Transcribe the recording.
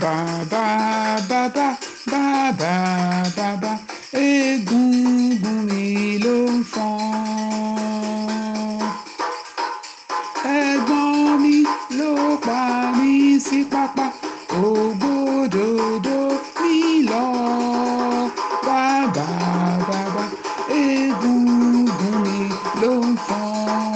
ba ba ba ba ba ba ba ba egungun mi ló ń fọn ẹ̀gbọ́n mi papa ogbododo mi lo ba ba ba ba egungun mi ló